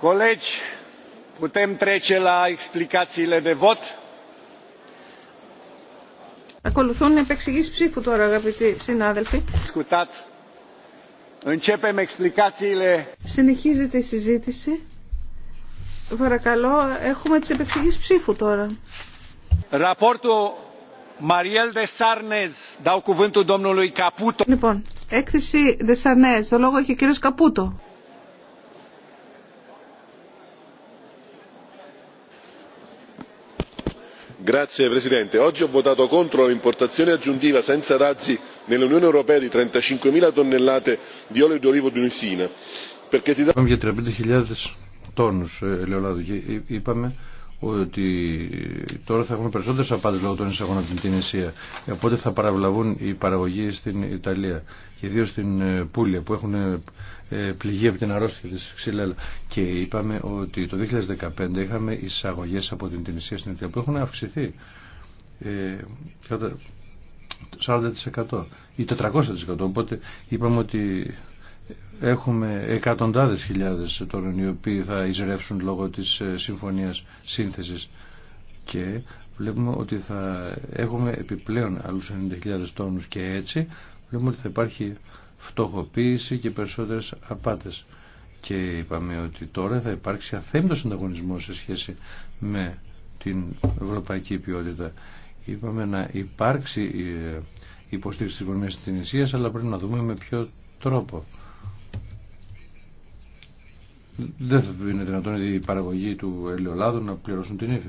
Colegi, putem trece la explicațiile de vot. Ακολουθούν επεξηγήσεις ψήφου τώρα, αγαπητοί συνάδελφοι. Συνεχίζεται η συζήτηση. Παρακαλώ, έχουμε τις επεξηγήσεις ψήφου τώρα. Ραπόρτο Μαριέλ Δεσάρνεζ, δάω κουβέντου δόμνului Καπούτο. Λοιπόν, έκθεση Δεσάρνεζ, ο λόγο έχει ο κύριος Καπούτο. signor presidente onorevoli colleghi oggi ho votato contro l'importazione aggiuntiva senza dazi nell'unione europea di trentacinque zero tonnellate di olio di olivo perché si tratta. Ε, πληγή από την αρρώστια της ξυλέλα. Και είπαμε ότι το 2015 είχαμε εισαγωγές από την Τινησία στην Αιτία που έχουν αυξηθεί ε, 40% ή 400%. Οπότε είπαμε ότι έχουμε εκατοντάδες χιλιάδες τόνων οι οποίοι θα εισρεύσουν λόγω της ε, συμφωνίας σύνθεσης και βλέπουμε ότι θα έχουμε επιπλέον άλλους 90.000 τόνους και έτσι βλέπουμε ότι θα υπάρχει φτωχοποίηση και περισσότερες απάτες. Και είπαμε ότι τώρα θα υπάρξει αθέμητος ανταγωνισμός σε σχέση με την ευρωπαϊκή ποιότητα. Είπαμε να υπάρξει ε, υποστήριξη της οικονομίας της νησίας, αλλά πρέπει να δούμε με ποιο τρόπο. Δεν θα είναι δυνατόν η παραγωγή του ελαιολάδου να πληρώσουν την ύφη.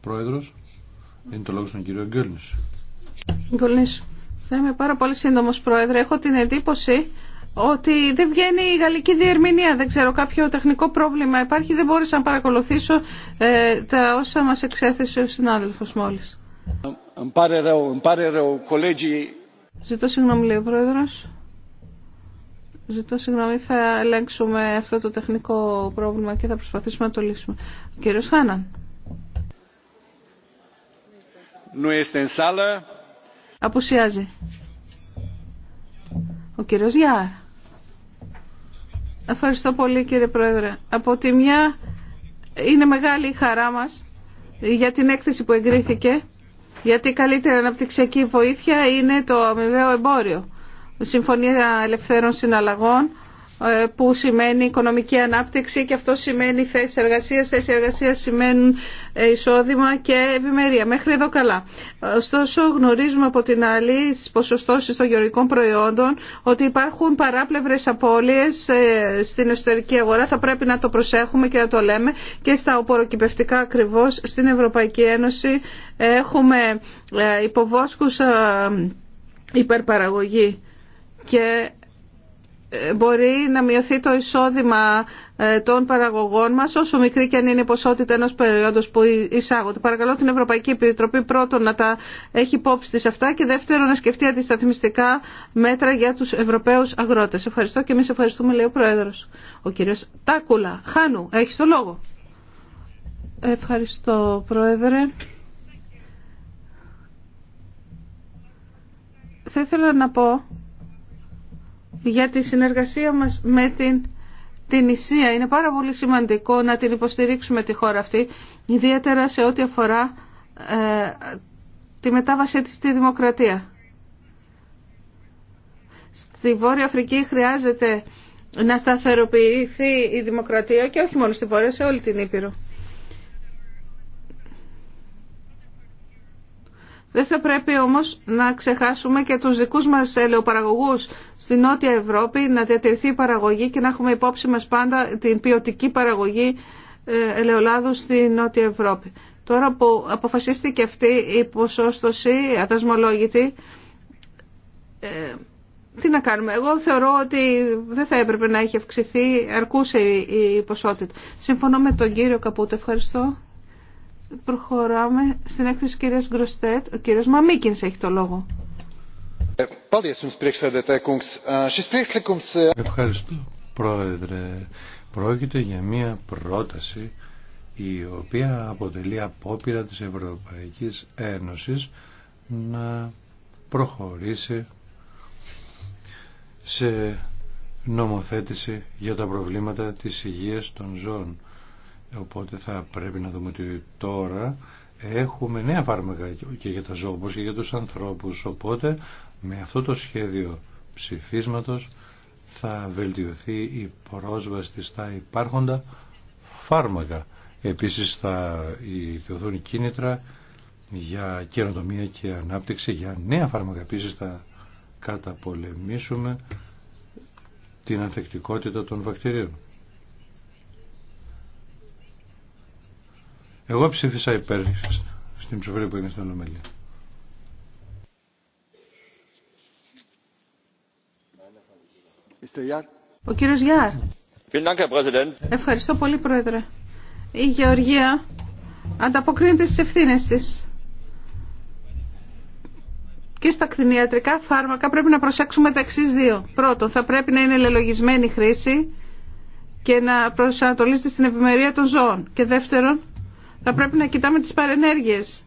Πρόεδρος, είναι το λόγο στον κύριο Γκέλνης. Θα είμαι πάρα πολύ σύντομο, Πρόεδρε. Έχω την εντύπωση ότι δεν βγαίνει η γαλλική διερμηνία. Δεν ξέρω, κάποιο τεχνικό πρόβλημα υπάρχει. Δεν μπόρεσα να παρακολουθήσω ε, τα όσα μας εξέθεσε ο συνάδελφος μόλις. Ζητώ συγγνώμη, λέει ο Πρόεδρος. Ζητώ συγγνώμη, θα ελέγξουμε αυτό το τεχνικό πρόβλημα και θα προσπαθήσουμε να το λύσουμε. κύριος Χάναν. σάλα. Αποσιάζει. Ο κύριος Γιάρ. Ευχαριστώ πολύ κύριε Πρόεδρε. Από τη μια είναι μεγάλη η χαρά μας για την έκθεση που εγκρίθηκε γιατί η καλύτερη αναπτυξιακή βοήθεια είναι το αμοιβαίο εμπόριο. Συμφωνία Ελευθέρων Συναλλαγών ε, που σημαίνει οικονομική ανάπτυξη και αυτό σημαίνει θέσεις εργασία. Θέσεις εργασία σημαίνουν ε, εισόδημα και ευημερία. Μέχρι εδώ καλά. Ωστόσο γνωρίζουμε από την άλλη στι ποσοστώσει των γεωργικών προϊόντων ότι υπάρχουν παράπλευρες απώλειες ε, στην εσωτερική αγορά. Θα πρέπει να το προσέχουμε και να το λέμε και στα οποροκυπευτικά ακριβώ στην Ευρωπαϊκή Ένωση έχουμε υποβόσκους υπερπαραγωγή και ε, μπορεί να μειωθεί το εισόδημα ε, των παραγωγών μας όσο μικρή και αν είναι η ποσότητα ενός περιόδου που εισάγονται. Παρακαλώ την Ευρωπαϊκή Επιτροπή πρώτον να τα έχει υπόψη της αυτά και δεύτερον να σκεφτεί αντισταθμιστικά μέτρα για τους Ευρωπαίους αγρότες. Ευχαριστώ και εμείς ευχαριστούμε λέει ο Πρόεδρος. Ο κύριος Τάκουλα. Χάνου, έχει το λόγο. Ευχαριστώ Πρόεδρε. Θα ήθελα να πω για τη συνεργασία μας με την την Ισία. Είναι πάρα πολύ σημαντικό να την υποστηρίξουμε τη χώρα αυτή, ιδιαίτερα σε ό,τι αφορά ε, τη μετάβασή της στη δημοκρατία. Στη Βόρεια Αφρική χρειάζεται να σταθεροποιηθεί η δημοκρατία και όχι μόνο στη Βόρεια, σε όλη την Ήπειρο. Δεν θα πρέπει όμως να ξεχάσουμε και τους δικούς μας ελαιοπαραγωγούς στη Νότια Ευρώπη, να διατηρηθεί η παραγωγή και να έχουμε υπόψη μας πάντα την ποιοτική παραγωγή ε, ελαιολάδου στη Νότια Ευρώπη. Τώρα που αποφασίστηκε αυτή η ποσόστοση ατασμολόγητη, ε, τι να κάνουμε. Εγώ θεωρώ ότι δεν θα έπρεπε να έχει αυξηθεί, αρκούσε η ποσότητα. Συμφωνώ με τον κύριο Καπούτο. Ευχαριστώ. Προχωράμε στην έκθεση κυρίας Γκροστέτ. Ο κύριος Μαμίκινς έχει το λόγο. Ε, ε. Ευχαριστώ, Πρόεδρε. Πρόκειται για μια πρόταση η οποία αποτελεί απόπειρα της Ευρωπαϊκής Ένωσης να προχωρήσει σε νομοθέτηση για τα προβλήματα της υγείας των ζώων. Οπότε θα πρέπει να δούμε ότι τώρα έχουμε νέα φάρμακα και για τα ζώα όπως και για τους ανθρώπους. Οπότε με αυτό το σχέδιο ψηφίσματος θα βελτιωθεί η πρόσβαση στα υπάρχοντα φάρμακα. Επίσης θα δοθούν κίνητρα για καινοτομία και ανάπτυξη για νέα φάρμακα. Επίσης θα καταπολεμήσουμε την ανθεκτικότητα των βακτηρίων. Εγώ ψήφισα υπέρ στην ψηφοφορία που έγινε στην Ολομέλεια. Ο κύριος Γιάρ. Ευχαριστώ πολύ, Πρόεδρε. Η Γεωργία ανταποκρίνεται στις ευθύνες της. Και στα κτηνιατρικά φάρμακα πρέπει να προσέξουμε τα εξή δύο. Πρώτον, θα πρέπει να είναι λελογισμένη η χρήση και να προσανατολίζεται στην ευημερία των ζώων. Και δεύτερον, θα πρέπει να κοιτάμε τις παρενέργειες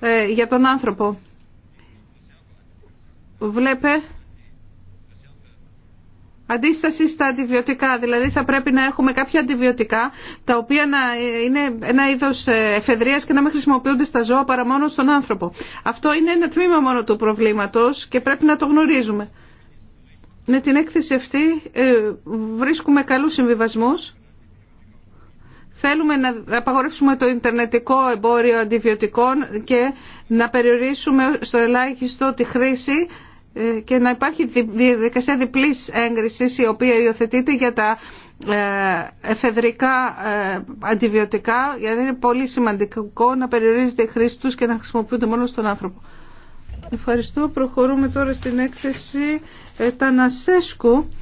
ε, για τον άνθρωπο. Βλέπε αντίσταση στα αντιβιωτικά. Δηλαδή θα πρέπει να έχουμε κάποια αντιβιωτικά τα οποία να είναι ένα είδος ε, εφεδρείας και να μην χρησιμοποιούνται στα ζώα παρά μόνο στον άνθρωπο. Αυτό είναι ένα τμήμα μόνο του προβλήματος και πρέπει να το γνωρίζουμε. Με την έκθεση αυτή ε, βρίσκουμε καλούς συμβιβασμούς Θέλουμε να απαγορεύσουμε το ιντερνετικό εμπόριο αντιβιωτικών και να περιορίσουμε στο ελάχιστο τη χρήση ε, και να υπάρχει διαδικασία διπλής έγκρισης η οποία υιοθετείται για τα ε, εφεδρικά ε, αντιβιωτικά γιατί είναι πολύ σημαντικό να περιορίζεται η χρήση τους και να χρησιμοποιούνται μόνο στον άνθρωπο. Ευχαριστώ. Προχωρούμε τώρα στην έκθεση Τανασέσκου.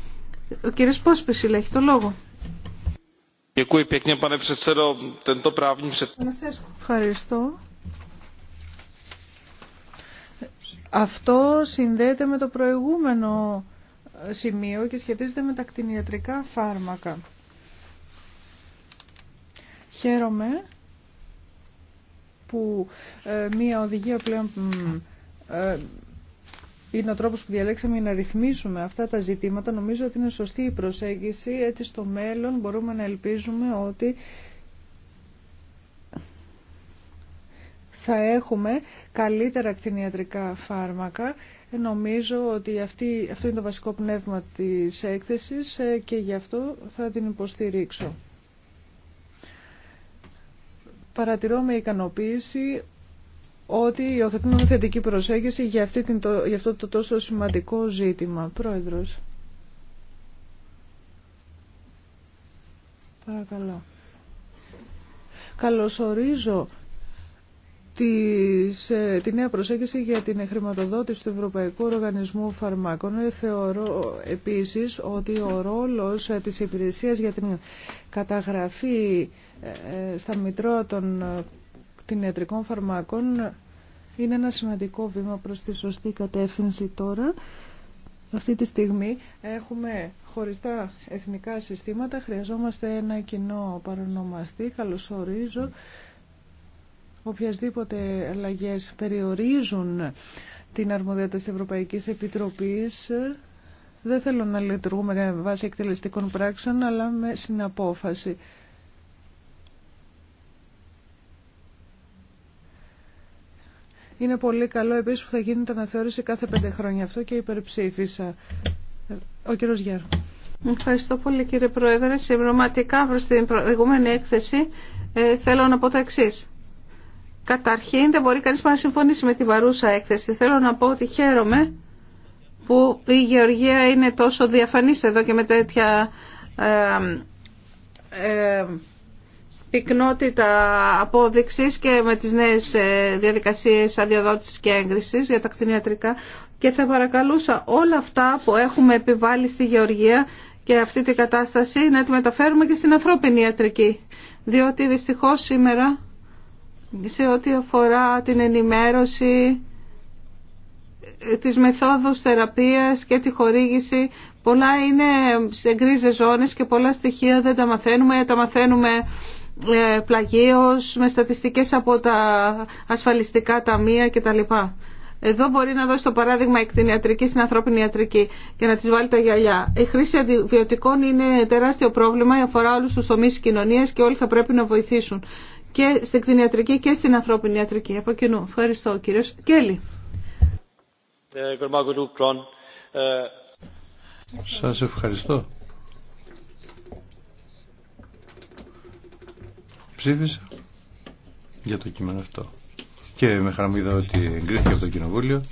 Ο κύριος Πόσπης έχει το λόγο. Ευχαριστώ. Αυτό συνδέεται με το προηγούμενο ε, σημείο και σχετίζεται με τα κτηνιατρικά φάρμακα. Χαίρομαι που ε, μία οδηγία πλέον ε, είναι ο τρόπος που διαλέξαμε για να ρυθμίσουμε αυτά τα ζητήματα. Νομίζω ότι είναι σωστή η προσέγγιση. Έτσι στο μέλλον μπορούμε να ελπίζουμε ότι θα έχουμε καλύτερα κτηνιατρικά φάρμακα. Νομίζω ότι αυτή, αυτό είναι το βασικό πνεύμα της έκθεσης ε, και γι' αυτό θα την υποστηρίξω. Παρατηρώ με ικανοποίηση ότι υιοθετούμε θετική προσέγγιση για, αυτή την, για αυτό το τόσο σημαντικό ζήτημα. Πρόεδρος. Παρακαλώ. Καλωσορίζω της, ε, τη νέα προσέγγιση για την χρηματοδότηση του Ευρωπαϊκού Οργανισμού Φαρμάκων. Ε, θεωρώ επίσης ότι ο ρόλος ε, της υπηρεσίας για την καταγραφή στα μητρώα των ιατρικών φαρμάκων είναι ένα σημαντικό βήμα προς τη σωστή κατεύθυνση τώρα. Αυτή τη στιγμή έχουμε χωριστά εθνικά συστήματα, χρειαζόμαστε ένα κοινό παρονομαστή, καλωσορίζω. Οποιασδήποτε αλλαγέ περιορίζουν την αρμοδιότητα της Ευρωπαϊκής Επιτροπής δεν θέλω να λειτουργούμε βάσει βάση εκτελεστικών πράξεων, αλλά με συναπόφαση. Είναι πολύ καλό επίσης που θα γίνεται αναθεώρηση κάθε πέντε χρόνια. Αυτό και υπερψήφισα. Ο κύριος Γιάρ. Ευχαριστώ πολύ κύριε Πρόεδρε. Συμπληρωματικά προς την προηγούμενη έκθεση ε, θέλω να πω το εξή. Καταρχήν δεν μπορεί κανείς να συμφωνήσει με την παρούσα έκθεση. Θέλω να πω ότι χαίρομαι που η γεωργία είναι τόσο διαφανής εδώ και με τέτοια ε, ε πυκνότητα απόδειξης και με τις νέες ε, διαδικασίες αδειοδότησης και έγκρισης για τα κτηνιατρικά και θα παρακαλούσα όλα αυτά που έχουμε επιβάλει στη Γεωργία και αυτή την κατάσταση να τη μεταφέρουμε και στην ανθρώπινη ιατρική. Διότι δυστυχώς σήμερα σε ό,τι αφορά την ενημέρωση ε, της μεθόδους θεραπείας και τη χορήγηση πολλά είναι σε γκρίζες ζώνες και πολλά στοιχεία δεν τα μαθαίνουμε, τα μαθαίνουμε ε, πλαγίως με στατιστικές από τα ασφαλιστικά ταμεία κτλ. Εδώ μπορεί να δώσει το παράδειγμα εκ την ιατρική στην ανθρώπινη ιατρική και να τη βάλει τα γυαλιά. Η χρήση αντιβιωτικών είναι τεράστιο πρόβλημα, αφορά όλου του τομεί τη κοινωνία και όλοι θα πρέπει να βοηθήσουν. Και στην κτηνιατρική και στην ανθρώπινη ιατρική. Από κοινού. Ευχαριστώ, κύριο Κέλλη. Ε, ε, Σας ευχαριστώ. ψήφισα για το κείμενο αυτό. Και με χαρά μου είδα ότι εγκρίθηκε από το Κοινοβούλιο.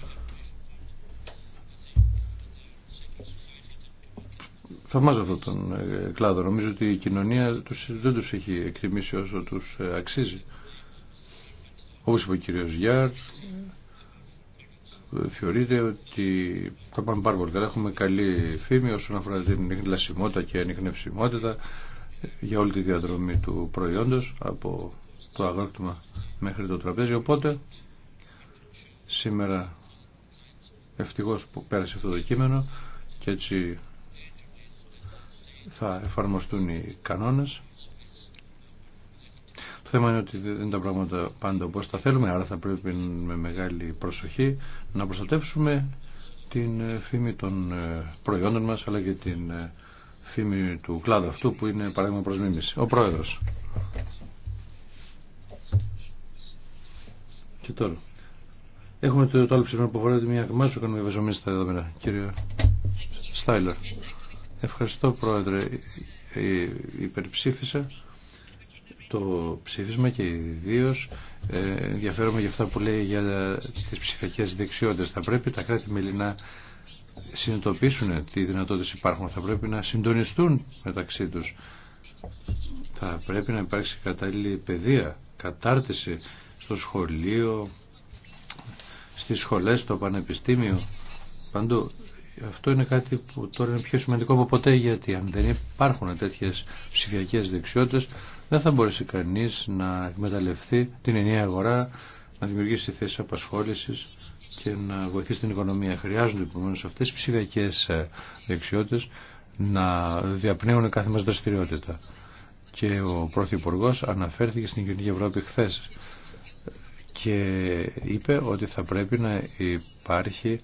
Θαυμάζω αυτόν τον ε, κλάδο. Νομίζω ότι η κοινωνία τους, δεν τους έχει εκτιμήσει όσο τους ε, αξίζει. Όπως είπε ο κύριος Γιάρ, ε, θεωρείται ότι τα πάμε πάρα πολύ καλά. Έχουμε καλή φήμη όσον αφορά την λασιμότητα και ανιχνευσιμότητα για όλη τη διαδρομή του προϊόντος από το αγρόκτημα μέχρι το τραπέζι οπότε σήμερα ευτυχώς που πέρασε αυτό το κείμενο και έτσι θα εφαρμοστούν οι κανόνες το θέμα είναι ότι δεν τα πράγματα πάντα όπως τα θέλουμε άρα θα πρέπει με μεγάλη προσοχή να προστατεύσουμε την φήμη των ε, προϊόντων μας αλλά και την ε, φήμη του κλάδου αυτού που είναι παράδειγμα προς μίμηση. Ο Πρόεδρος. Και τώρα. Έχουμε το, το άλλο που αφορά μια που κάνουμε εδώ μερα κύριε Στάιλερ. Ευχαριστώ, Πρόεδρε. Ε, ε, υπερψήφισα το ψήφισμα και ιδίω ε, ενδιαφέρομαι για αυτά που λέει για τις ψηφιακές δεξιότητες. Θα πρέπει τα κρατη μελινά συνειδητοποιήσουν τι δυνατότητες υπάρχουν. Θα πρέπει να συντονιστούν μεταξύ τους. Θα πρέπει να υπάρξει κατάλληλη παιδεία, κατάρτιση στο σχολείο, στις σχολές, στο πανεπιστήμιο. Παντού αυτό είναι κάτι που τώρα είναι πιο σημαντικό από ποτέ γιατί αν δεν υπάρχουν τέτοιες ψηφιακέ δεξιότητες δεν θα μπορέσει κανείς να εκμεταλλευτεί την ενιαία αγορά, να δημιουργήσει θέσεις απασχόλησης και να βοηθήσει την οικονομία. Χρειάζονται επομένω αυτές οι ψηφιακέ ε, δεξιότητε να διαπνέουν κάθε μας δραστηριότητα. Και ο Πρωθυπουργό αναφέρθηκε στην Κοινωνική Ευρώπη χθε και είπε ότι θα πρέπει να υπάρχει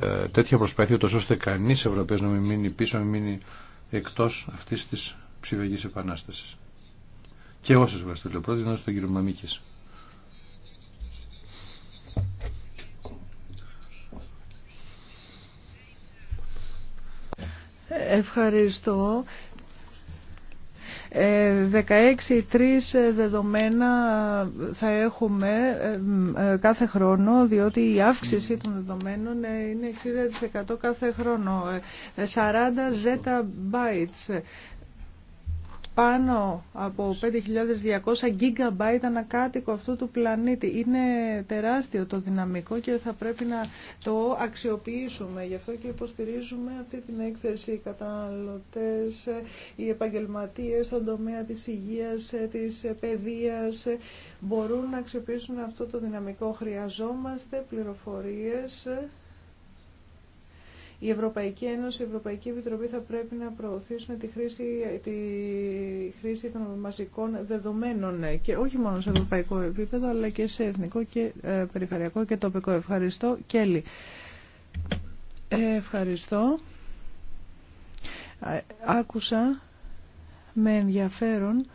ε, τέτοια προσπάθεια τόσο ώστε κανείς Ευρωπαίος να μην μείνει πίσω, να μην μείνει εκτός αυτής της ψηφιακής επανάστασης. Και εγώ σας ευχαριστώ, λέω πρώτη, να στον κύριο Μαμίκης. Ευχαριστώ. 16-3 ε, δεδομένα θα έχουμε ε, ε, κάθε χρόνο, διότι η αύξηση των δεδομένων είναι 60% κάθε χρόνο. 40 bytes πάνω από 5.200 gigabyte ανακάτοικο αυτού του πλανήτη. Είναι τεράστιο το δυναμικό και θα πρέπει να το αξιοποιήσουμε. Γι' αυτό και υποστηρίζουμε αυτή την έκθεση. Οι καταναλωτές, οι επαγγελματίες στον τομέα της υγείας, της παιδείας μπορούν να αξιοποιήσουν αυτό το δυναμικό. Χρειαζόμαστε πληροφορίες η Ευρωπαϊκή Ένωση, η Ευρωπαϊκή Επιτροπή θα πρέπει να προωθήσουν τη χρήση, τη χρήση των μαζικών δεδομένων και όχι μόνο σε ευρωπαϊκό επίπεδο αλλά και σε εθνικό και ε, περιφερειακό και τοπικό. Ευχαριστώ. Κέλλη. Ε, ευχαριστώ. Άκουσα με ενδιαφέρον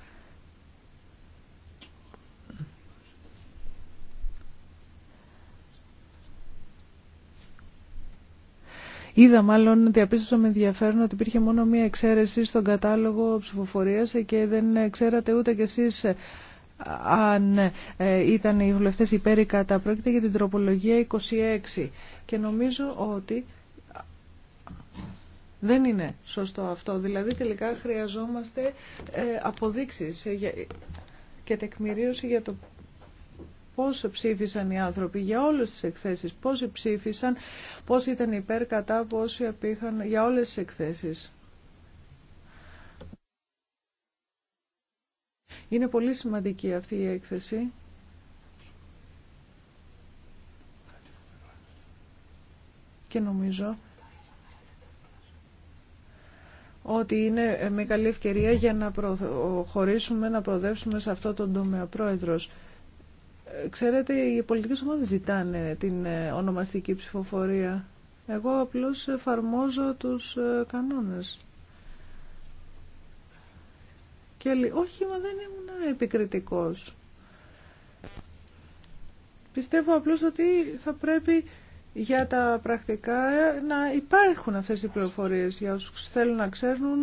Είδα μάλλον, διαπίστωσα με ενδιαφέρον ότι υπήρχε μόνο μία εξαίρεση στον κατάλογο ψηφοφορίας και δεν ξέρατε ούτε κι εσείς ε, αν ε, ήταν οι βουλευτές υπέρ ή κατά. Πρόκειται για την τροπολογία 26 και νομίζω ότι δεν είναι σωστό αυτό. Δηλαδή τελικά χρειαζόμαστε ε, αποδείξεις και τεκμηρίωση για το πώς ψήφισαν οι άνθρωποι για όλες τις εκθέσεις, πώς ψήφισαν, πώς ήταν υπέρ, κατά, πώς απήχαν για όλες τις εκθέσεις. Είναι πολύ σημαντική αυτή η έκθεση. Και νομίζω ότι είναι με καλή ευκαιρία για να προχωρήσουμε, να προοδεύσουμε σε αυτό τον τομέα. Πρόεδρος. Ξέρετε, οι πολιτικέ ομάδε ζητάνε την ε, ονομαστική ψηφοφορία. Εγώ απλώς εφαρμόζω τους ε, κανόνες. Και όχι, μα δεν ήμουν επικριτικός. Πιστεύω απλώς ότι θα πρέπει για τα πρακτικά ε, να υπάρχουν αυτές οι πληροφορίες για όσους θέλουν να ξέρουν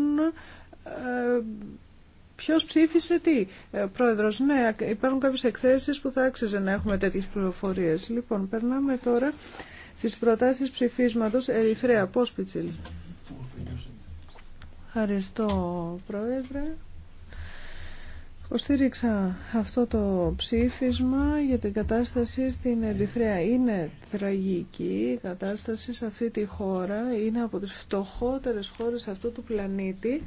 Ποιο ψήφισε τι. Ε, πρόεδρο, ναι, υπάρχουν κάποιε εκθέσει που θα άξιζε να έχουμε τέτοιε πληροφορίε. Λοιπόν, περνάμε τώρα στι προτάσει ψηφίσματο. Ερυθρέα. Πώ πιτσίλ. Ευχαριστώ, Πρόεδρε. Υποστήριξα αυτό το ψήφισμα για την κατάσταση στην Ερυθρέα. Είναι τραγική η κατάσταση σε αυτή τη χώρα. Είναι από τις φτωχότερες χώρε αυτού του πλανήτη.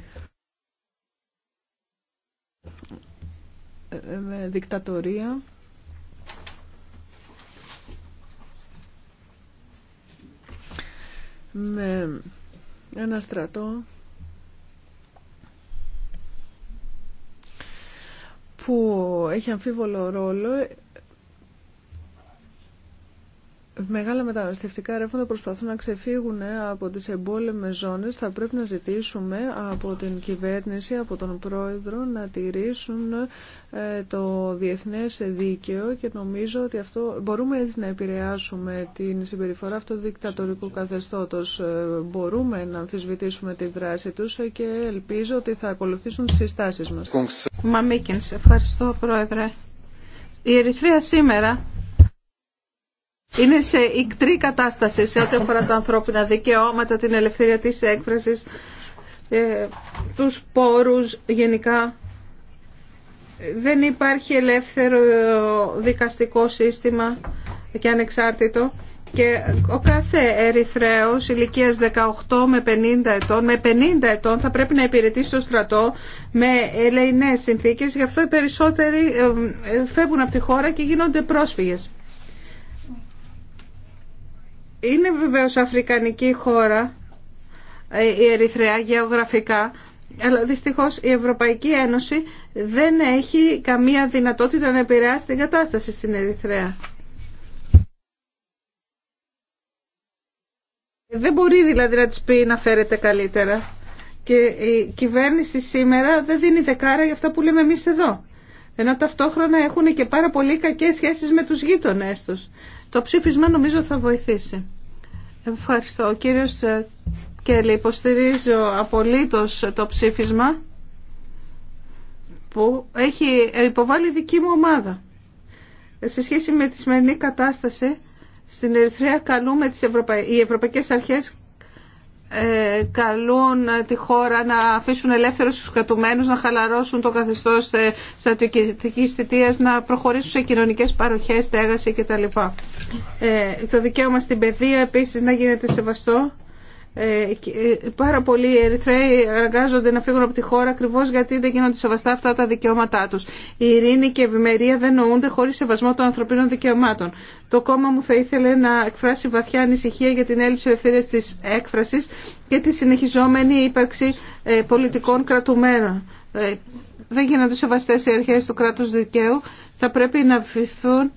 δικτατορία. με ένα στρατό που έχει αμφίβολο ρόλο μεγάλα μεταναστευτικά ρεύματα προσπαθούν να ξεφύγουν ε, από τις εμπόλεμες ζώνες. Θα πρέπει να ζητήσουμε από την κυβέρνηση, από τον πρόεδρο να τηρήσουν ε, το διεθνές δίκαιο και νομίζω ότι αυτό μπορούμε έτσι να επηρεάσουμε την συμπεριφορά αυτού του δικτατορικού καθεστώτος. Ε, μπορούμε να αμφισβητήσουμε τη δράση τους και ελπίζω ότι θα ακολουθήσουν τις συστάσεις μας. Μαμίκινς, ευχαριστώ πρόεδρε. Η Ερυθρία σήμερα είναι σε ικτρή κατάσταση σε ό,τι αφορά τα ανθρώπινα δικαιώματα, την ελευθερία της έκφρασης, ε, τους πόρους γενικά. Δεν υπάρχει ελεύθερο δικαστικό σύστημα και ανεξάρτητο. Και ο κάθε Ερυθρέος ηλικίας 18 με 50 ετών, με 50 ετών θα πρέπει να υπηρετήσει στο στρατό με ελεηνές συνθήκες. Γι' αυτό οι περισσότεροι ε, ε, φεύγουν από τη χώρα και γίνονται πρόσφυγες. Είναι βεβαίως αφρικανική χώρα ε, η Ερυθρέα γεωγραφικά, αλλά δυστυχώς η Ευρωπαϊκή Ένωση δεν έχει καμία δυνατότητα να επηρεάσει την κατάσταση στην Ερυθρέα. Δεν μπορεί δηλαδή να της πει να φέρεται καλύτερα. Και η κυβέρνηση σήμερα δεν δίνει δεκάρα για αυτά που λέμε εμείς εδώ. Ενώ ταυτόχρονα έχουν και πάρα πολύ κακές σχέσεις με τους γείτονές τους. Το ψήφισμα νομίζω θα βοηθήσει. Ευχαριστώ. Ο κύριος ε, Κέλλη, υποστηρίζω απολύτως το ψήφισμα που έχει ε, υποβάλει δική μου ομάδα. Ε, σε σχέση με τη σημερινή κατάσταση, στην Ερυθρέα καλούμε τις οι ευρωπαϊκές αρχές ε, καλούν ε, τη χώρα να αφήσουν ελεύθερους τους κρατουμένους, να χαλαρώσουν το καθεστώς ε, στρατιωτικής θητείας, να προχωρήσουν σε κοινωνικές παροχές, στέγαση κτλ. Ε, το δικαίωμα στην παιδεία επίσης να γίνεται σεβαστό ε, ε, πάρα πολλοί Ερυθρέοι εργάζονται να φύγουν από τη χώρα ακριβώ γιατί δεν γίνονται σεβαστά αυτά τα δικαιώματά του. Η ειρήνη και η ευημερία δεν νοούνται χωρί σεβασμό των ανθρωπίνων δικαιωμάτων. Το κόμμα μου θα ήθελε να εκφράσει βαθιά ανησυχία για την έλλειψη ελευθερία τη έκφραση και τη συνεχιζόμενη ύπαρξη ε, πολιτικών κρατουμένων. Δεν γίνονται σεβαστέ οι αρχέ του κράτου δικαίου. Θα πρέπει να βυθούν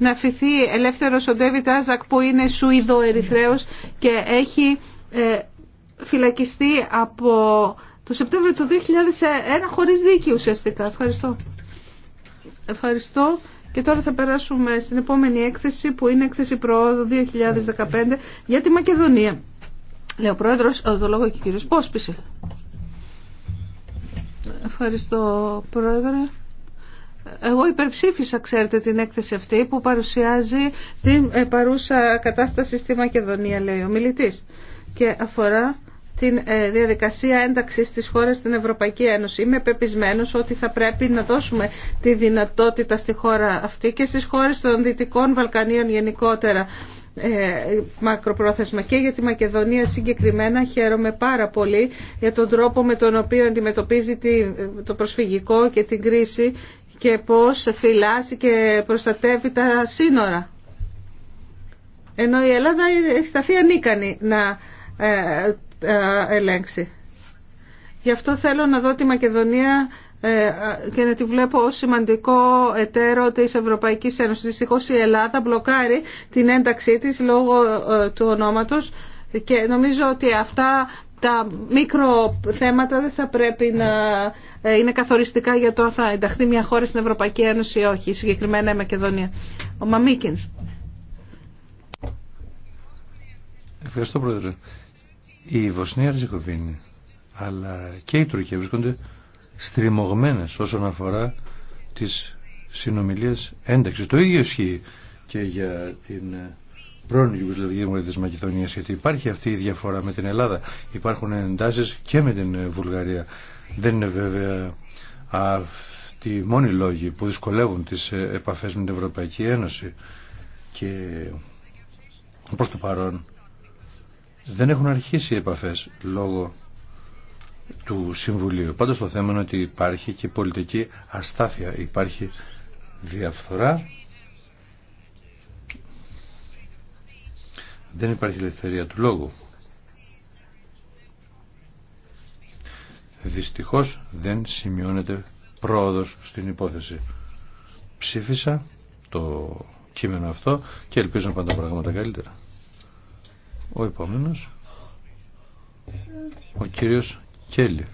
να φυθεί ελεύθερος ο Ντέβι Τάζακ που είναι Σουηδο-Ερυθρέος και έχει ε, φυλακιστεί από το Σεπτέμβριο του 2001 χωρίς δίκη ουσιαστικά. Ευχαριστώ. Ευχαριστώ. Και τώρα θα περάσουμε στην επόμενη έκθεση που είναι έκθεση προόδου 2015 για τη Μακεδονία. Λέω πρόεδρος, ο λόγο και ο κύριος Πόσπιση. Ευχαριστώ πρόεδρε. Εγώ υπερψήφισα, ξέρετε, την έκθεση αυτή που παρουσιάζει την ε, παρούσα κατάσταση στη Μακεδονία, λέει ο μιλητής και αφορά την ε, διαδικασία ένταξης της χώρας στην Ευρωπαϊκή Ένωση. Είμαι πεπισμένος ότι θα πρέπει να δώσουμε τη δυνατότητα στη χώρα αυτή και στις χώρες των Δυτικών Βαλκανίων γενικότερα ε, μακροπρόθεσμα και για τη Μακεδονία συγκεκριμένα χαίρομαι πάρα πολύ για τον τρόπο με τον οποίο αντιμετωπίζει το προσφυγικό και την κρίση και πώς φυλάσσει και προστατεύει τα σύνορα. Ενώ η Ελλάδα έχει σταθεί ανίκανη να ε, ε, ελέγξει. Γι' αυτό θέλω να δω τη Μακεδονία ε, και να τη βλέπω ως σημαντικό εταίρο της Ευρωπαϊκής Ένωσης. Δυστυχώ η Ελλάδα μπλοκάρει την ένταξή της λόγω του ονόματος και νομίζω ότι αυτά τα μικρο θέματα δεν θα πρέπει να είναι καθοριστικά για το αν θα ενταχθεί μια χώρα στην Ευρωπαϊκή Ένωση ή όχι, συγκεκριμένα η Μακεδονία. Ο Μαμίκινς. Ευχαριστώ Πρόεδρε η Βοσνία Ριζικοβίνη αλλά και η Τουρκία βρίσκονται στριμωγμένες όσον αφορά τις συνομιλίες ένταξης. Το ίδιο ισχύει και για την πρώην Ιουγκοσλαβική Δημοκρατία της Μακεδονίας γιατί υπάρχει αυτή η διαφορά με την Ελλάδα. Υπάρχουν εντάσεις και με την Βουλγαρία. Δεν είναι βέβαια αυτοί οι μόνοι λόγοι που δυσκολεύουν τις επαφές με την Ευρωπαϊκή Ένωση και προς το παρόν δεν έχουν αρχίσει οι επαφές λόγω του Συμβουλίου. Πάντως το θέμα είναι ότι υπάρχει και πολιτική αστάθεια, υπάρχει διαφθορά. Δεν υπάρχει ελευθερία του λόγου. Δυστυχώς δεν σημειώνεται πρόοδος στην υπόθεση. Ψήφισα το κείμενο αυτό και ελπίζω να πάνε τα πράγματα καλύτερα. Ο επόμενος, ο κύριος Κέλλη.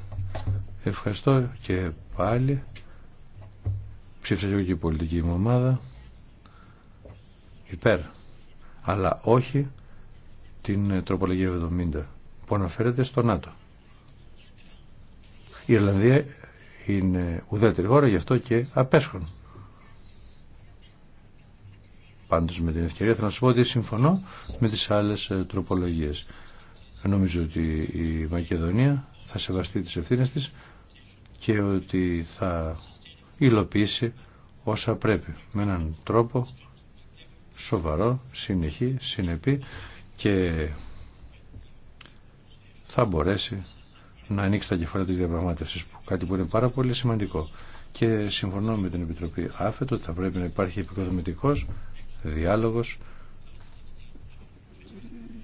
Ευχαριστώ και πάλι. Ψήφισα και η πολιτική μου ομάδα υπέρ, αλλά όχι την τροπολογία 70 που αναφέρεται στο ΝΑΤΟ. Η Ιρλανδία είναι ουδέτερη χώρα, γι' αυτό και απέσχον. Πάντως με την ευκαιρία θα σα πω ότι συμφωνώ με τις άλλες ε, τροπολογίες. Νομίζω ότι η Μακεδονία θα σεβαστεί τις ευθύνες της και ότι θα υλοποιήσει όσα πρέπει με έναν τρόπο σοβαρό, συνεχή, συνεπή και θα μπορέσει να ανοίξει τα κεφάλαια της διαπραγμάτευσης που κάτι που είναι πάρα πολύ σημαντικό και συμφωνώ με την Επιτροπή Άφετο ότι θα πρέπει να υπάρχει επικοδομητικός διάλογος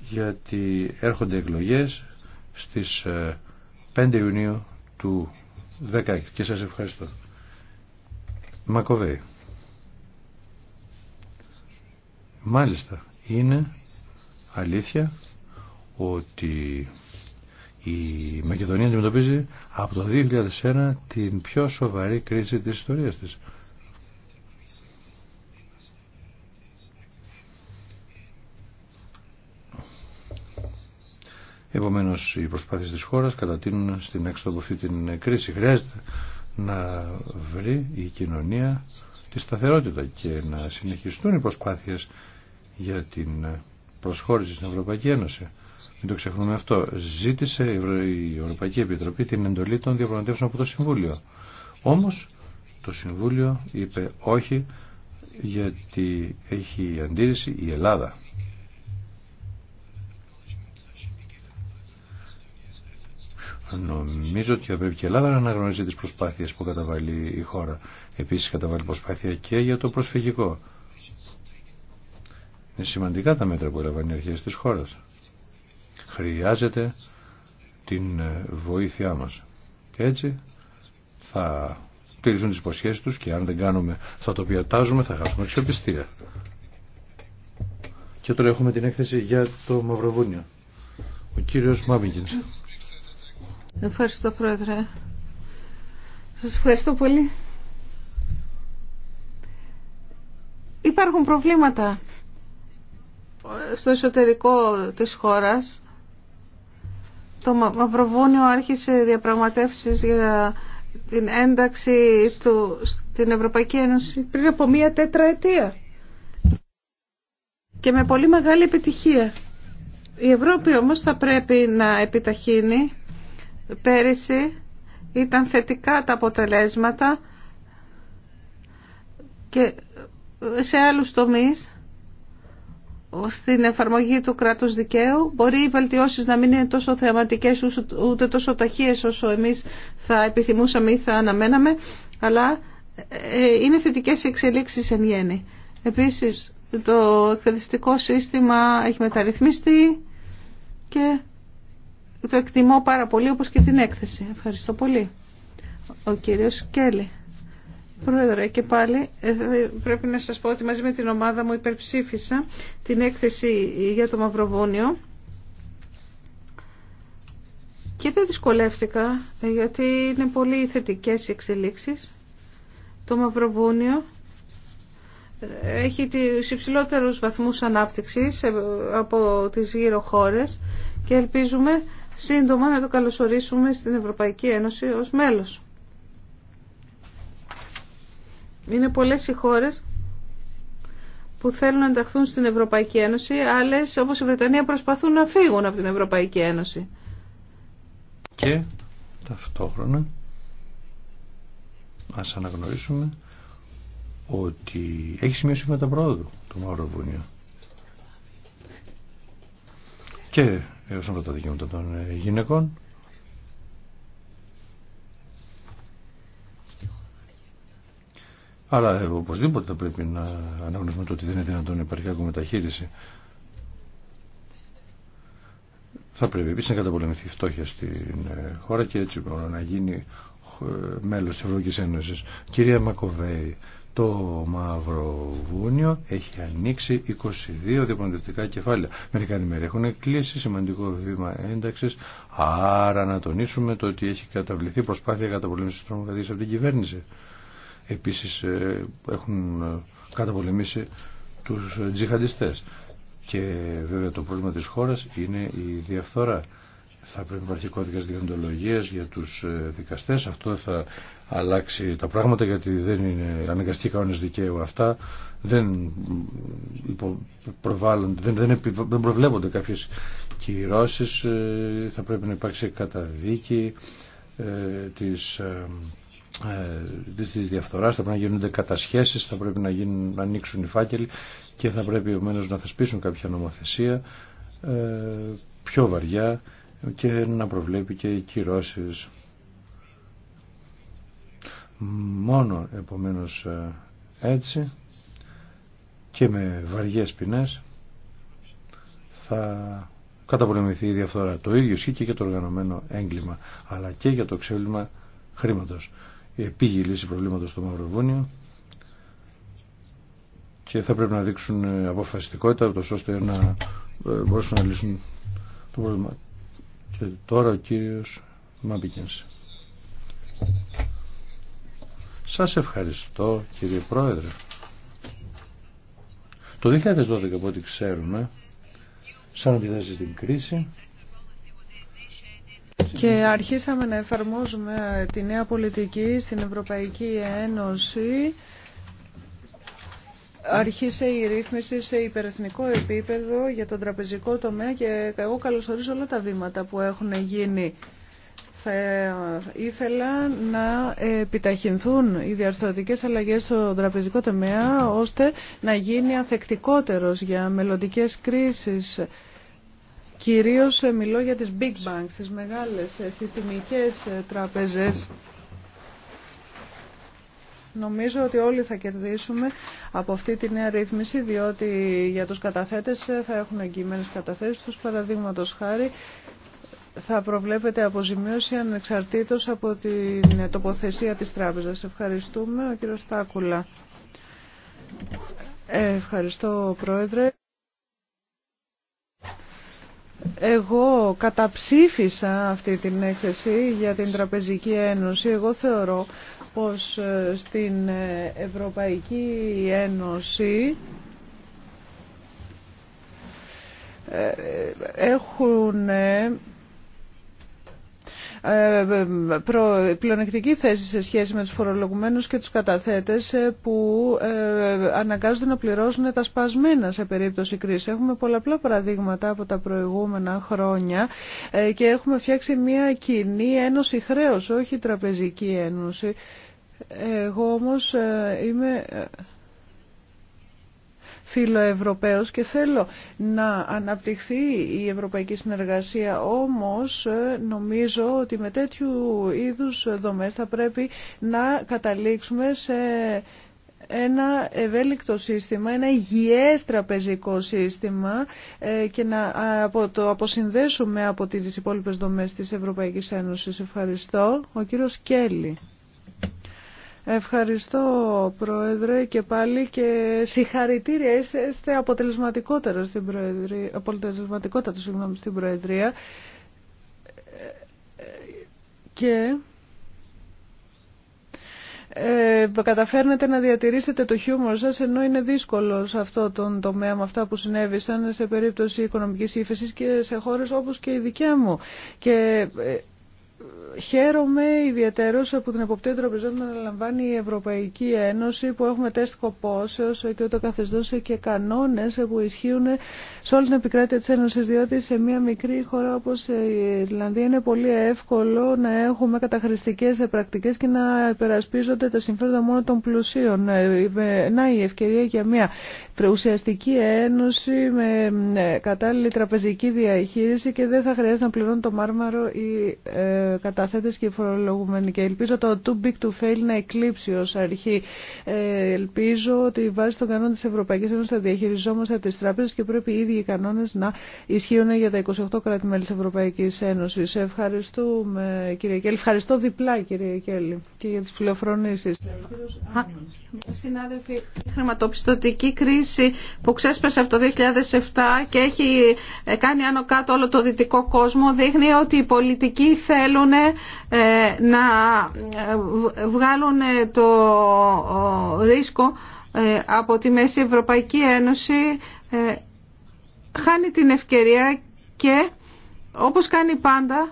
γιατί έρχονται εκλογές στις 5 ε, Ιουνίου του 16 και σας ευχαριστώ. Μακοβέη. Μάλιστα, είναι αλήθεια ότι η Μακεδονία αντιμετωπίζει από το 2001 την πιο σοβαρή κρίση της ιστορίας της. Επομένως οι προσπάθειες της χώρας κατατείνουν στην έξοδο από αυτή την κρίση. Χρειάζεται να βρει η κοινωνία τη σταθερότητα και να συνεχιστούν οι προσπάθειες για την προσχώρηση στην Ευρωπαϊκή Ένωση. Μην το ξεχνούμε αυτό. Ζήτησε η Ευρωπαϊκή Επιτροπή την εντολή των διαπραγματεύσεων από το Συμβούλιο. Όμω το Συμβούλιο είπε όχι γιατί έχει αντίρρηση η Ελλάδα. Νομίζω ότι θα πρέπει και η Ελλάδα να αναγνωρίζει τις προσπάθειες που καταβάλει η χώρα. Επίσης καταβάλει προσπάθεια και για το προσφυγικό. Είναι σημαντικά τα μέτρα που έλαβαν οι αρχές της χώρας. Χρειάζεται την ε, βοήθειά μας. Και έτσι θα τηρήσουν τις υποσχέσεις τους και αν δεν κάνουμε θα το πιατάζουμε θα χάσουμε αξιοπιστία. Και τώρα έχουμε την έκθεση για το Μαυροβούνιο. Ο κύριος Ευχαριστώ, Πρόεδρε. Σας ευχαριστώ πολύ. Υπάρχουν προβλήματα στο εσωτερικό της χώρας. Το Μαυροβούνιο άρχισε διαπραγματεύσεις για την ένταξη του στην Ευρωπαϊκή Ένωση πριν από μία τετραετία και με πολύ μεγάλη επιτυχία. Η Ευρώπη όμως θα πρέπει να επιταχύνει Πέρυσι ήταν θετικά τα αποτελέσματα και σε άλλους τομείς στην εφαρμογή του κράτους δικαίου μπορεί οι βελτιώσεις να μην είναι τόσο θεαματικές ούτε τόσο ταχείες όσο εμείς θα επιθυμούσαμε ή θα αναμέναμε αλλά ε, είναι θετικές εξελίξεις εν γέννη. Επίσης το εκπαιδευτικό σύστημα έχει μεταρρυθμιστεί και το εκτιμώ πάρα πολύ όπως και την έκθεση. Ευχαριστώ πολύ. Ο κύριος Κέλλη. Πρόεδρε, και πάλι ε, πρέπει να σας πω ότι μαζί με την ομάδα μου υπερψήφισα την έκθεση για το Μαυροβούνιο και δεν δυσκολεύτηκα ε, γιατί είναι πολύ θετικές οι εξελίξεις. Το Μαυροβούνιο ε, έχει τους υψηλότερους βαθμούς ανάπτυξης από τις γύρω χώρες και ελπίζουμε σύντομα να το καλωσορίσουμε στην Ευρωπαϊκή Ένωση ως μέλος. Είναι πολλές οι χώρες που θέλουν να ενταχθούν στην Ευρωπαϊκή Ένωση, άλλες όπως η Βρετανία προσπαθούν να φύγουν από την Ευρωπαϊκή Ένωση. Και ταυτόχρονα ας αναγνωρίσουμε ότι έχει σημειώσει με τα πρόοδο το Μαυροβούνιο και όσον αφορά τα δικαιώματα των ε, γυναικών. Άρα ε, οπωσδήποτε πρέπει να αναγνωρίσουμε το ότι δεν είναι δυνατόν να υπάρχει ακόμα μεταχείριση. Θα πρέπει επίση να καταπολεμηθεί η φτώχεια στην ε, χώρα και έτσι να γίνει ε, μέλος της Ευρωπαϊκής Ένωσης. Κυρία Μακοβέη, το Μαυροβούνιο έχει ανοίξει 22 διαπραγματευτικά κεφάλαια. Μερικά ημέρα έχουν κλείσει σημαντικό βήμα ένταξη. Άρα να τονίσουμε το ότι έχει καταβληθεί προσπάθεια καταπολέμηση τη τρομοκρατία από την κυβέρνηση. Επίση ε, έχουν ε, καταπολεμήσει του τζιχαντιστέ. Και βέβαια το πρόβλημα τη χώρα είναι η διαφθορά θα πρέπει να υπάρχει κώδικα διοντολογία για του ε, δικαστέ. Αυτό θα αλλάξει τα πράγματα γιατί δεν είναι αναγκαστή κανόνες δικαίου αυτά. Δεν, δεν, δεν προβλέπονται κάποιες κυρώσεις. Ε, θα πρέπει να υπάρξει καταδίκη ε, της τη διαφθορά, θα πρέπει να γίνονται κατασχέσει, θα πρέπει να, γίνουν, να ανοίξουν οι φάκελοι και θα πρέπει επομένω να θεσπίσουν κάποια νομοθεσία πιο βαριά και να προβλέπει και οι κυρώσεις. Μόνο επομένως ε, έτσι και με βαριές ποινές θα καταπολεμηθεί η διαφθορά. Το ίδιο ισχύει και για το οργανωμένο έγκλημα, αλλά και για το ξέβλημα χρήματος. η ε, η λύση προβλήματος στο Μαυροβούνιο και θα πρέπει να δείξουν ε, αποφασιστικότητα, ώστε να μπορούσαν να λύσουν το πρόβλημα. Και τώρα ο κύριος Μάμπικινς. Σας ευχαριστώ κύριε Πρόεδρε. Το 2012 από ό,τι ξέρουμε, σαν αντιδράσει την κρίση, και αρχίσαμε να εφαρμόζουμε τη νέα πολιτική στην Ευρωπαϊκή Ένωση. Άρχισε η ρύθμιση σε υπερεθνικό επίπεδο για τον τραπεζικό τομέα και εγώ καλωσορίζω όλα τα βήματα που έχουν γίνει. Θα ήθελα να επιταχυνθούν οι διαρθρωτικές αλλαγές στο τραπεζικό τομέα ώστε να γίνει αθεκτικότερος για μελλοντικές κρίσεις. Κυρίως μιλώ για τις big banks, τις μεγάλες συστημικές τραπεζές. Νομίζω ότι όλοι θα κερδίσουμε από αυτή τη νέα ρύθμιση, διότι για τους καταθέτες θα έχουν εγγυημένες καταθέσεις τους, παραδείγματο χάρη, θα προβλέπεται αποζημίωση ανεξαρτήτως από την τοποθεσία της τράπεζας. Ευχαριστούμε. Ο κύριος Στάκουλα. Ε, ευχαριστώ, Πρόεδρε. Εγώ καταψήφισα αυτή την έκθεση για την Τραπεζική Ένωση. Εγώ θεωρώ πως ε, στην ε, Ευρωπαϊκή Ένωση ε, έχουν ε, πλεονεκτική θέση σε σχέση με τους φορολογουμένους και τους καταθέτες ε, που ε, αναγκάζονται να πληρώσουν τα σπασμένα σε περίπτωση κρίση. Έχουμε πολλαπλά παραδείγματα από τα προηγούμενα χρόνια και έχουμε φτιάξει μια κοινή ένωση χρέους, όχι τραπεζική ένωση. Εγώ όμως είμαι φιλοευρωπαίος και θέλω να αναπτυχθεί η ευρωπαϊκή συνεργασία. Όμως ε, νομίζω ότι με τέτοιου είδους δομές θα πρέπει να καταλήξουμε σε ένα ευέλικτο σύστημα, ένα υγιές τραπεζικό σύστημα ε, και να από το αποσυνδέσουμε από τις υπόλοιπες δομές της Ευρωπαϊκής Ένωσης. Ευχαριστώ. Ο κύριος Κέλλη. Ευχαριστώ Πρόεδρε και πάλι και συγχαρητήρια. Είστε αποτελεσματικότερο στην Προεδρία, συγγνώμη, στην Προεδρία. Και ε, καταφέρνετε να διατηρήσετε το χιούμορ σας ενώ είναι δύσκολο σε αυτό τον τομέα με αυτά που συνέβησαν σε περίπτωση οικονομικής ύφεσης και σε χώρες όπως και η δικιά μου. Και ε, Χαίρομαι ιδιαίτερω από την εποπτεία τραπεζών να αναλαμβάνει η Ευρωπαϊκή Ένωση, που έχουμε τεστ κοπόσεω και ούτω καθεστώ και κανόνε που ισχύουν σε όλη την επικράτεια τη Ένωση. Διότι σε μια μικρή χώρα όπω η Ιρλανδία είναι πολύ εύκολο να έχουμε καταχρηστικέ πρακτικέ και να υπερασπίζονται τα συμφέροντα μόνο των πλουσίων. Ε, να η ευκαιρία για μια ουσιαστική ένωση με ε, κατάλληλη τραπεζική διαχείριση και δεν θα χρειάζεται να πληρώνουν το μάρμαρο οι ε, καταθέτες και οι και ελπίζω το too big to fail να εκλείψει ως αρχή. Ε, ελπίζω ότι βάσει των κανόνων της Ευρωπαϊκής Ένωσης θα διαχειριζόμαστε τις τράπεζες και πρέπει οι ίδιοι οι κανόνες να ισχύουν για τα 28 κράτη-μέλη της Ευρωπαϊκής Ένωσης. Ευχαριστούμε κύριε Κέλλη. Ευχαριστώ διπλά κύριε Κέλλη και για τις φιλοφρονήσεις. Συνάδελφοι, η χρηματοπιστωτική κρίση που ξέσπασε από το 2007 και έχει κάνει άνω κάτω όλο το δυτικό κόσμο δείχνει ότι οι πολιτικοί θέλουν ε, να ε, βγάλουν το ρίσκο ε, από τη Μέση Ευρωπαϊκή Ένωση χάνει την ευκαιρία και όπως κάνει πάντα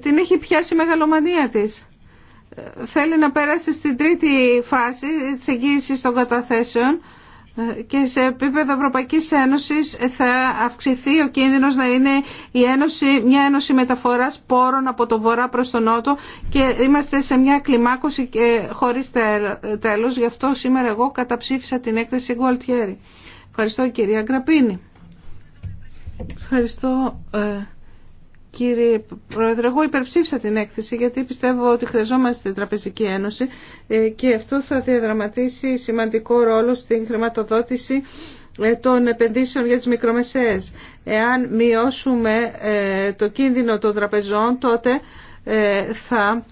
την έχει πιάσει η μεγαλομανία της θέλει να πέρασει στην τρίτη φάση της εγγύησης των καταθέσεων και σε επίπεδο Ευρωπαϊκής Ένωσης θα αυξηθεί ο κίνδυνος να είναι η ένωση, μια ένωση μεταφοράς πόρων από το βορρά προς τον νότο και είμαστε σε μια κλιμάκωση και χωρίς τέλος. Γι' αυτό σήμερα εγώ καταψήφισα την έκθεση Γκουαλτιέρη. Ευχαριστώ κυρία Γκραπίνη. Ε, Κύριε Πρόεδρε, εγώ υπερψήφισα την έκθεση γιατί πιστεύω ότι χρειαζόμαστε την Τραπεζική Ένωση ε, και αυτό θα διαδραματίσει σημαντικό ρόλο στην χρηματοδότηση ε, των επενδύσεων για τις μικρομεσαίες. Εάν μειώσουμε ε, το κίνδυνο των τραπεζών τότε θα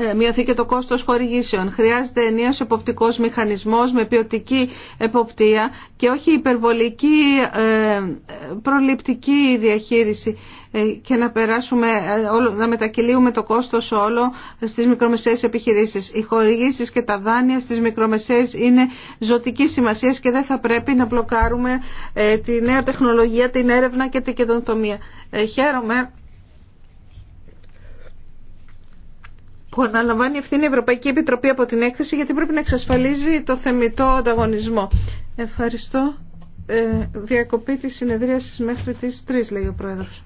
ε, μειωθεί και το κόστος χορηγήσεων. Χρειάζεται ενιαίος εποπτικός μηχανισμός με ποιοτική εποπτεία και όχι υπερβολική ε, προληπτική διαχείριση ε, και να περάσουμε, να μετακυλίουμε το κόστος όλο στις μικρομεσαίες επιχειρήσεις. Οι χορηγήσεις και τα δάνεια στις μικρομεσαίες είναι ζωτικής σημασίας και δεν θα πρέπει να μπλοκάρουμε τη νέα τεχνολογία, την έρευνα και την καινοτομία. Χαίρομαι που αναλαμβάνει ευθύνη η Ευρωπαϊκή Επιτροπή από την έκθεση γιατί πρέπει να εξασφαλίζει το θεμητό ανταγωνισμό. Ευχαριστώ. Ε, διακοπή της συνεδρίασης μέχρι τις 3 λέει ο Πρόεδρος.